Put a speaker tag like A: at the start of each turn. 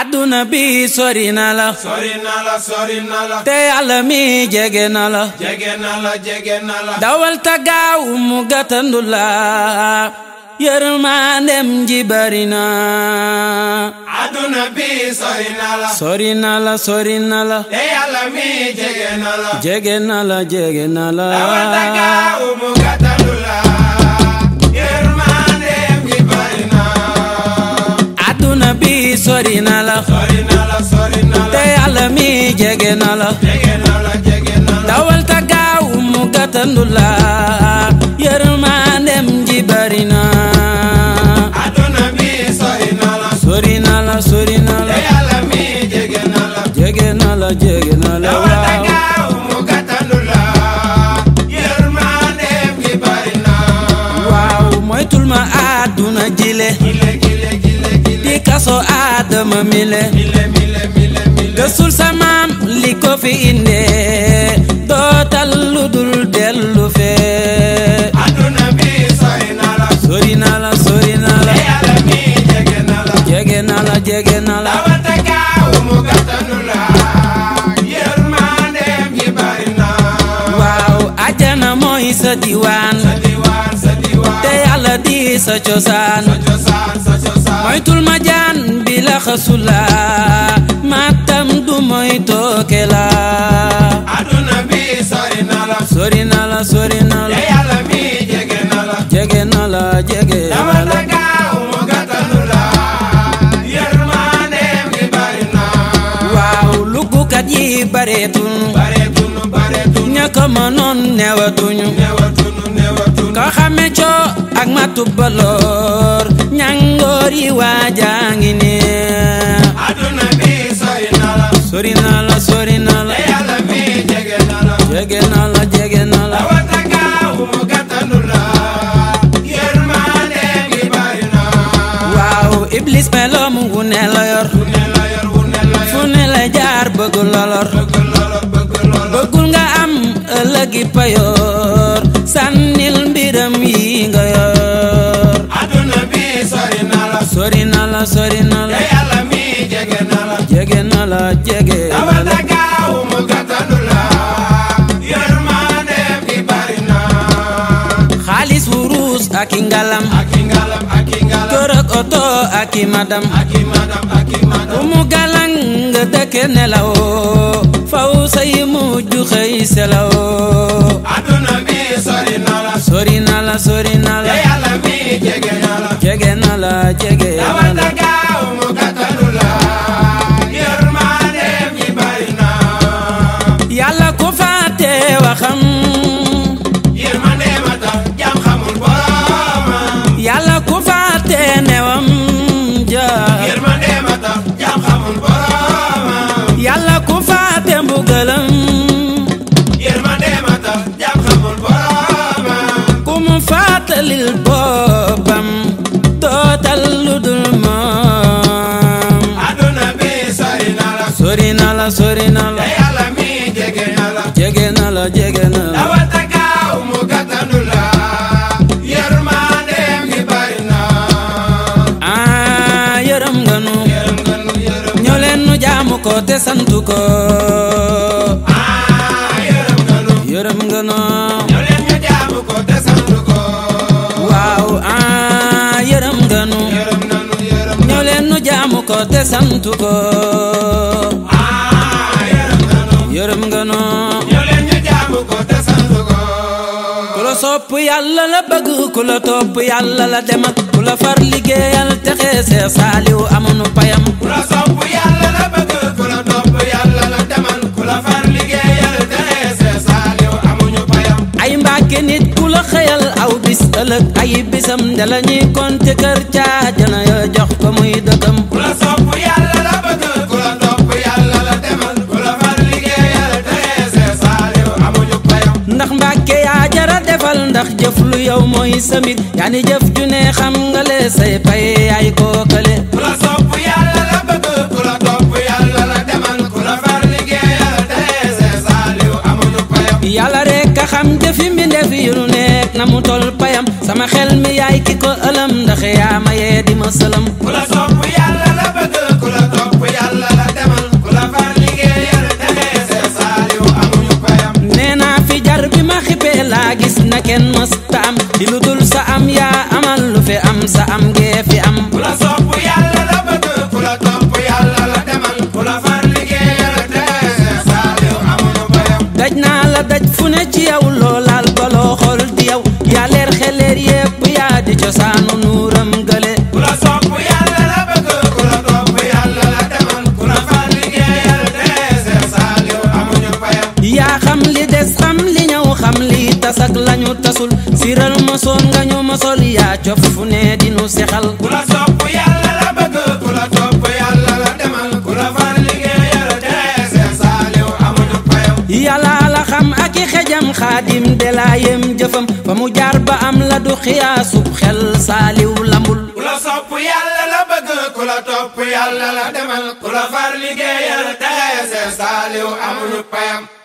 A: àdduna bi sori dawal ta gaaw mu gàttandu la. na. sandulla yërmandem ji bari na àdduna bi sori na la sori na la sori na la te yàlla mi jege na la jege na la jege na la waaw moytul ma àdduna jile di kaso Adama mile mile mile mile gëstul sa maam li ko fi indee dootal lu dul dellu fee. adduna bi sori na la. sori na la sori na mi jege na la. la jege na la. mu gàttanu la. yërmandeem yi bari na. waaw àjjana mooy sa diwaan. sa diwaan sa diwaan. te yàlla di sa cosaan. sa cosaan sa cosaan. ma jaan bi la xasula. bare tunu bare tunu ña ko mënoon newatuñu newatuñu tunu ko xame cho ak matu baloor ñàngoor yi waajaa ngi aduna bi sori na la sori na la sori na la te mi jege na la jege na la jege na la awatakaawu mu gàttanu la yërmande gi iblis meloom ne la yor Bagulalor, lor bëggul nga am ëllëgi payor. Sanil mbiram yi nga yor adduna bi sori na sori na sori na la yàlla mi jege na la jege na ak ngalam oto ak madam ak madam ak madam mu nga dëkke la sori na la sori yàlla na la. yàlla mi jege na la. jege na la la. dawata gaaw mu gàttandu la. yërmandeem gi bari na. ah yërëm nga nu. yërëm nu jaamu ko te sant ko. ah yërëm nga nu. nu. ñoo ah, nu jaamu ko te sant ko. yërëm ku la sopp yàlla la bëgg ku la far liggéeyal te saaliw amunu payam payam ay mbàkke nit ku la xëyal aw bis ëllëg ay bisam da la ñuy konte kër caajana yoo jox ko muy dëkkam ku la sopp yàlla ndax mbàkke yaa jara defal ndax jëf lu yow mooy samir yaa ni jëf ju ne xam nga le say paye yaay kookale ku la sopp yàlla la bëgg ku la topp yàlla la demal ku la far liggéeyal dareese saaliw amunu payam yàlla rek a xam jëfi mbindeef yu nu nekk na mu tol payam sama xel mi yaay ki ko ëlëm ndax yaa mayee di ma sëlëm ku la sopp yàlla la bëgg ku la topp yàlla kenn mësta am sa am yaa amal lu la sopp ku la daj naa la daj fu ci yow loolaal ba loo di yow yaa leer xeleer yépp yaa di cosaan rasul siral ma soon nga ñu ma sol yaa cof ne di nu sexal ku la sopp yàlla la bëgg ku la topp yàlla la demal ku la far liggéeyal dee seen saaliw amuñu payam yàlla la xam ak xejam xaadim de jëfam fa mu jaar ba am la du xiyaasub xel saaliw lambul ku la sopp yàlla la bëgg ku la topp yàlla la demal ku la far liggéeyal dee seen saaliw amuñu payam